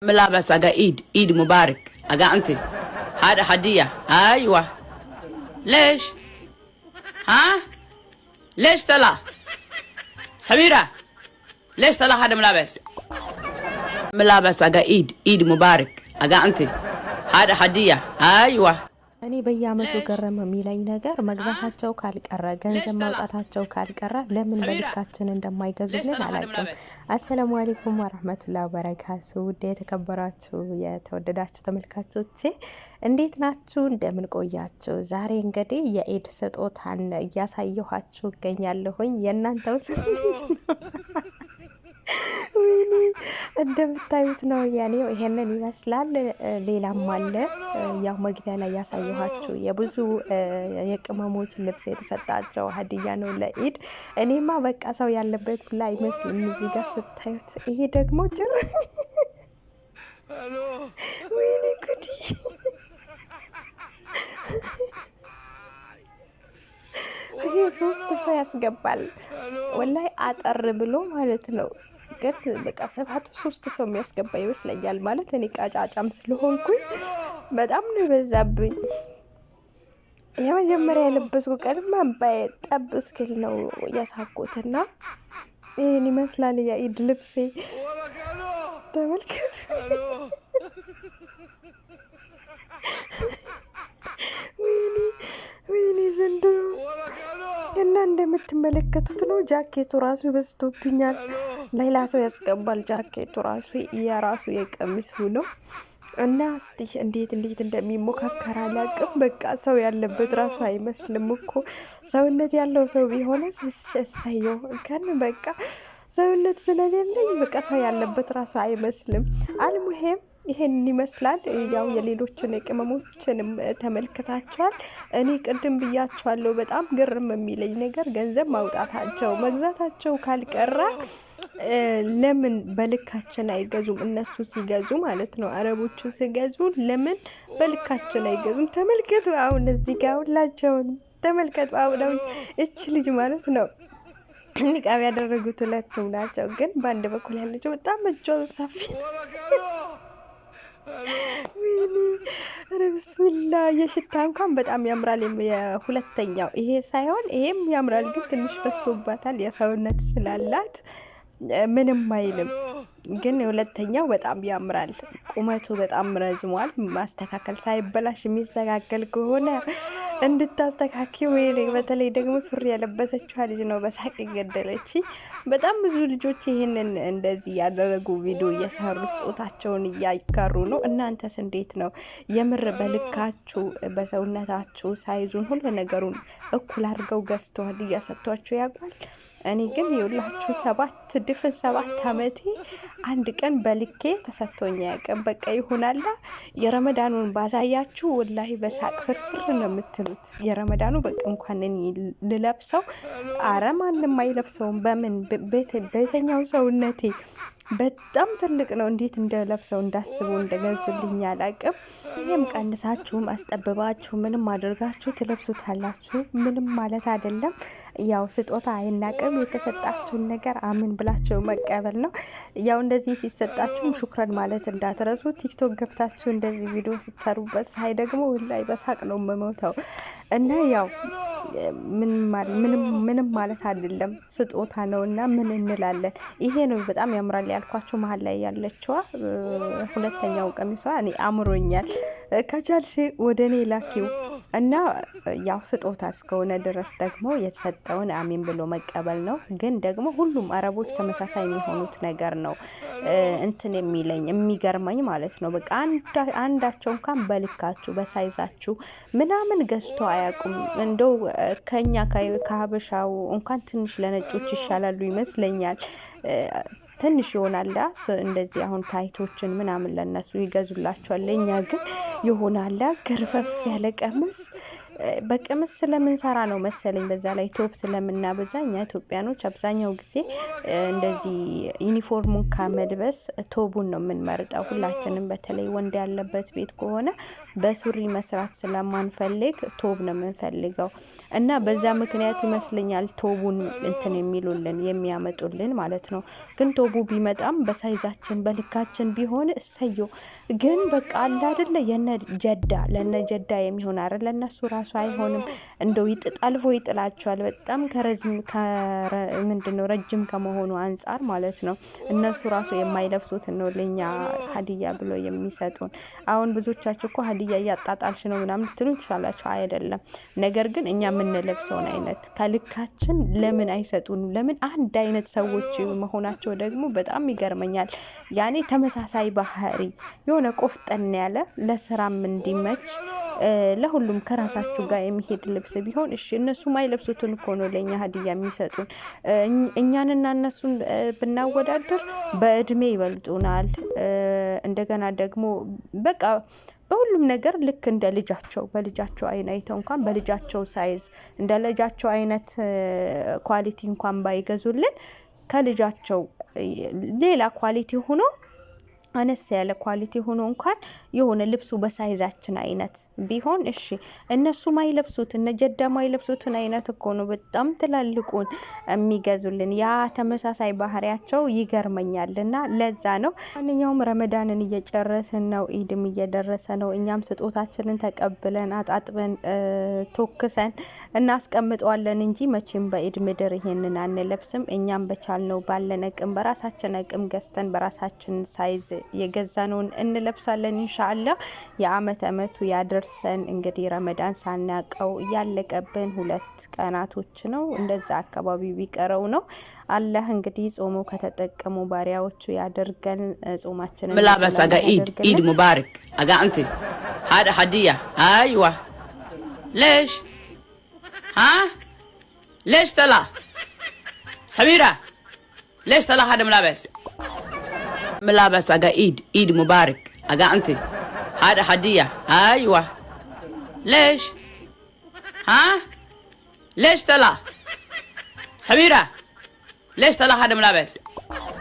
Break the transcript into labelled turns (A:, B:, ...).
A: malabas aga iid iid mubaarak aga anti hada hadiya aywa leesh ha leesh tala samira leesh tala hada malabas malabas aga iid iid mubaarak aga anti hada hadiya aywa
B: እኔ በየአመቱ ገረመ የሚለኝ ነገር መግዛታቸው ካልቀረ ገንዘብ ማውጣታቸው ካልቀረ ለምን በልካችን እንደማይገዙልን አላውቅም። አሰላሙ አሌይኩም ወረህመቱላ ወበረካቱ። ውድ የተከበራችሁ የተወደዳችሁ ተመልካቾቼ እንዴት ናችሁ? እንደምን ቆያችሁ? ዛሬ እንግዲህ የኢድ ስጦታን እያሳየኋችሁ እገኛለሁኝ። የእናንተውስ እንዴት ነው? እንደምታዩት ነው። ያኔ ይሄንን ይመስላል። ሌላም አለ። ያው መግቢያ ላይ ያሳየኋችሁ የብዙ የቅመሞች ልብስ የተሰጣቸው ሀዲያ ነው ለኢድ። እኔማ በቃ ሰው ያለበት ሁላ አይመስልም እዚህ ጋር ስታዩት። ይሄ ደግሞ ጭር ወይኔ ጉዲ ይሄ ሶስት ሰው ያስገባል። ወላይ አጠር ብሎ ማለት ነው። ስናገር በቃ ሰባት ሶስት ሰው የሚያስገባ ይመስለኛል። ማለት እኔ ቃጫጫም ስለሆንኩኝ በጣም ነው የበዛብኝ። የመጀመሪያ የለበስኩ ቀን ማንባየ ጠብ እስክል ነው ያሳኩትና ይህን ይመስላል የኢድ ልብሴ ተመልከት። ዘንድሮ እና እንደምትመለከቱት ነው ጃኬቱ ራሱ ይበዝቶብኛል። ሌላ ሰው ያስገባል። ጃኬቱ ራሱ የራሱ የቀሚሱ ነው እና እስቲ እንዴት እንዴት እንደሚሞካከር አላቅም። በቃ ሰው ያለበት ራሱ አይመስልም እኮ ሰውነት ያለው ሰው ቢሆነ ሲሸሰየው ከን በቃ ሰውነት ስለሌለኝ በቃ ሰው ያለበት ራሱ አይመስልም አልሙሄም ይሄን ይመስላል። ያው የሌሎችን ቅመሞችንም ተመልክታቸዋል። እኔ ቅድም ብያቸዋለሁ። በጣም ግርም የሚለኝ ነገር ገንዘብ ማውጣታቸው መግዛታቸው ካልቀራ ለምን በልካችን አይገዙም? እነሱ ሲገዙ ማለት ነው፣ አረቦቹ ሲገዙ ለምን በልካችን አይገዙም? ተመልከቱ። አሁን እዚህ ጋር ሁላቸውን ተመልከቱ። አሁን እች ልጅ ማለት ነው ንቃብ ያደረጉት ሁለቱም ናቸው። ግን በአንድ በኩል ያለችው በጣም እጇ ሰፊ ወይኔ የሽታ እንኳን በጣም ያምራል። የሁለተኛው ይሄ ሳይሆን ይሄም ያምራል፣ ግን ትንሽ በስቶባታል። የሰውነት ስላላት ምንም አይልም፣ ግን የሁለተኛው በጣም ያምራል። ቁመቱ በጣም ረዝሟል። ማስተካከል ሳይበላሽ የሚስተካከል ከሆነ እንድታስተካኪ ወይ በተለይ ደግሞ ሱሪ የለበሰችዋ ልጅ ነው በሳቅ ገደለች። በጣም ብዙ ልጆች ይህንን እንደዚህ ያደረጉ ቪዲዮ እየሰሩ ጾታቸውን እያጋሩ ነው። እናንተስ እንዴት ነው? የምር በልካችሁ በሰውነታችሁ ሳይዙን ሁሉ ነገሩን እኩል አድርገው ገዝተዋል እያሰጥቷቸው ያውቋል። እኔ ግን የሁላችሁ ሰባት ድፍን ሰባት አመቴ አንድ ቀን በልኬ ተሰጥቶኝ ያቅም በቃ ይሁናላ። የረመዳኑን ባሳያችሁ ወላሂ በሳቅ ፍርፍር ነው የምትሉት። የረመዳኑ በቃ እንኳን ልለብሰው፣ አረ ማንም አይለብሰውም። በምን ቤተኛው ሰውነቴ በጣም ትልቅ ነው። እንዴት እንደለብሰው እንዳስበው እንደገዙልኝ አላቅም። ይህም ቀንሳችሁም አስጠብባችሁ ምንም አድርጋችሁ ትለብሱታላችሁ። ምንም ማለት አይደለም። ያው ስጦታ አይናቅም። የተሰጣችሁን ነገር አምን ብላችሁ መቀበል ነው። ያው እንደዚህ ሲሰጣችሁም ሹክረን ማለት እንዳትረሱ። ቲክቶክ ገብታችሁ እንደዚህ ቪዲዮ ስትሰሩበት ሳይ ደግሞ ላይ በሳቅ ነው መመውተው እና ያው ምንም ማለት አይደለም፣ ስጦታ ነው እና ምን እንላለን? ይሄ ነው በጣም ያምራል ያልኳቸው መሀል ላይ ያለችዋ ሁለተኛው ቀሚሷ እኔ አምሮኛል። ከቻልሽ ወደ እኔ ላኪው እና ያው ስጦታ እስከሆነ ድረስ ደግሞ የተሰጠውን አሚን ብሎ መቀበል ነው። ግን ደግሞ ሁሉም አረቦች ተመሳሳይ የሚሆኑት ነገር ነው እንትን የሚለኝ የሚገርመኝ ማለት ነው። በቃ አንዳቸው እንኳን በልካችሁ በሳይዛችሁ ምናምን ገዝቶ አያውቁም እንደው ከኛ ከሀበሻው እንኳን ትንሽ ለነጮች ይሻላሉ ይመስለኛል። ትንሽ ይሆናላ እንደዚህ አሁን ታይቶችን ምናምን ለነሱ ይገዙላቸዋል። ለእኛ ግን ይሆናላ ገርፈፍ ያለ ቀሚስ በቅምስ ስለምንሰራ ነው መሰለኝ። በዛ ላይ ቶፕ ስለምናበዛ እኛ ኢትዮጵያኖች አብዛኛው ጊዜ እንደዚህ ዩኒፎርሙን ከመልበስ ቶቡን ነው የምንመርጠው ሁላችንም። በተለይ ወንድ ያለበት ቤት ከሆነ በሱሪ መስራት ስለማንፈልግ ቶብ ነው የምንፈልገው እና በዛ ምክንያት ይመስለኛል ቶቡን እንትን የሚሉልን የሚያመጡልን ማለት ነው። ግን ቶቡ ቢመጣም በሳይዛችን በልካችን ቢሆን እሰየው። ግን በቃ አለ አይደለ የነ ጀዳ ለነ ጀዳ የሚሆን አረ ለነሱ ራሱ ራሱ አይሆንም። እንደው አልፎ ይጥላቸዋል። በጣም ከረዝም ምንድን ነው ረጅም ከመሆኑ አንጻር ማለት ነው። እነሱ ራሱ የማይለብሱትን ነው ለኛ ሀዲያ ብሎ የሚሰጡን። አሁን ብዙዎቻችሁ እኮ ሀዲያ እያጣጣልሽ ነው ምናምን ልትሉ ትችላላችሁ። አይደለም። ነገር ግን እኛ የምንለብሰውን አይነት ከልካችን ለምን አይሰጡን? ለምን አንድ አይነት ሰዎች መሆናቸው ደግሞ በጣም ይገርመኛል። ያኔ ተመሳሳይ ባህሪ የሆነ ቆፍጠን ያለ ለስራም እንዲመች ለሁሉም ከራሳችሁ ጋር የሚሄድ ልብስ ቢሆን እሺ። እነሱ ማይለብሱትን እኮ ነው ለእኛ ሀዲያ የሚሰጡን። እኛንና እነሱን ብናወዳደር በእድሜ ይበልጡናል። እንደገና ደግሞ በቃ በሁሉም ነገር ልክ እንደ ልጃቸው በልጃቸው አይን አይተው እንኳን በልጃቸው ሳይዝ እንደ ልጃቸው አይነት ኳሊቲ እንኳን ባይገዙልን ከልጃቸው ሌላ ኳሊቲ ሆኖ አነስ ያለ ኳሊቲ ሆኖ እንኳን የሆነ ልብሱ በሳይዛችን አይነት ቢሆን እሺ። እነሱ ማይለብሱት እነ ጀዳ ማይለብሱትን አይነት እኮ ነው በጣም ትላልቁን የሚገዙልን። ያ ተመሳሳይ ባህሪያቸው ይገርመኛል። እና ለዛ ነው ማንኛውም ረመዳንን እየጨረስን ነው፣ ኢድም እየደረሰ ነው። እኛም ስጦታችንን ተቀብለን አጣጥበን ቶክሰን እናስቀምጠዋለን እንጂ መቼም በኢድ ምድር ይሄንን አንለብስም። እኛም በቻልነው ባለን እቅም በራሳችን እቅም ገዝተን በራሳችን ሳይዝ የገዛነውን እንለብሳለን። እንሻአላ የአመት አመቱ ያደርሰን። እንግዲህ ረመዳን ሳናቀው እያለቀብን ሁለት ቀናቶች ነው እንደዛ አካባቢ ቢቀረው ነው። አላህ እንግዲህ ጾሙ ከተጠቀሙ ባሪያዎቹ ያደርገን። ጾማችንን
A: ምላበስ አጋ ኢድ ኢድ ሙባረክ አጋ አንቲ ሀደ ሀዲያ አይዋ ሌሽ ሌሽ ተላ ሰሚራ ሌሽ ተላ ሀደ ምላበስ ملابس aga iid iid مبارك aga anti هذا هدية أيوة ليش ها ليش طلع سميرة ليش طلع هذا ملابس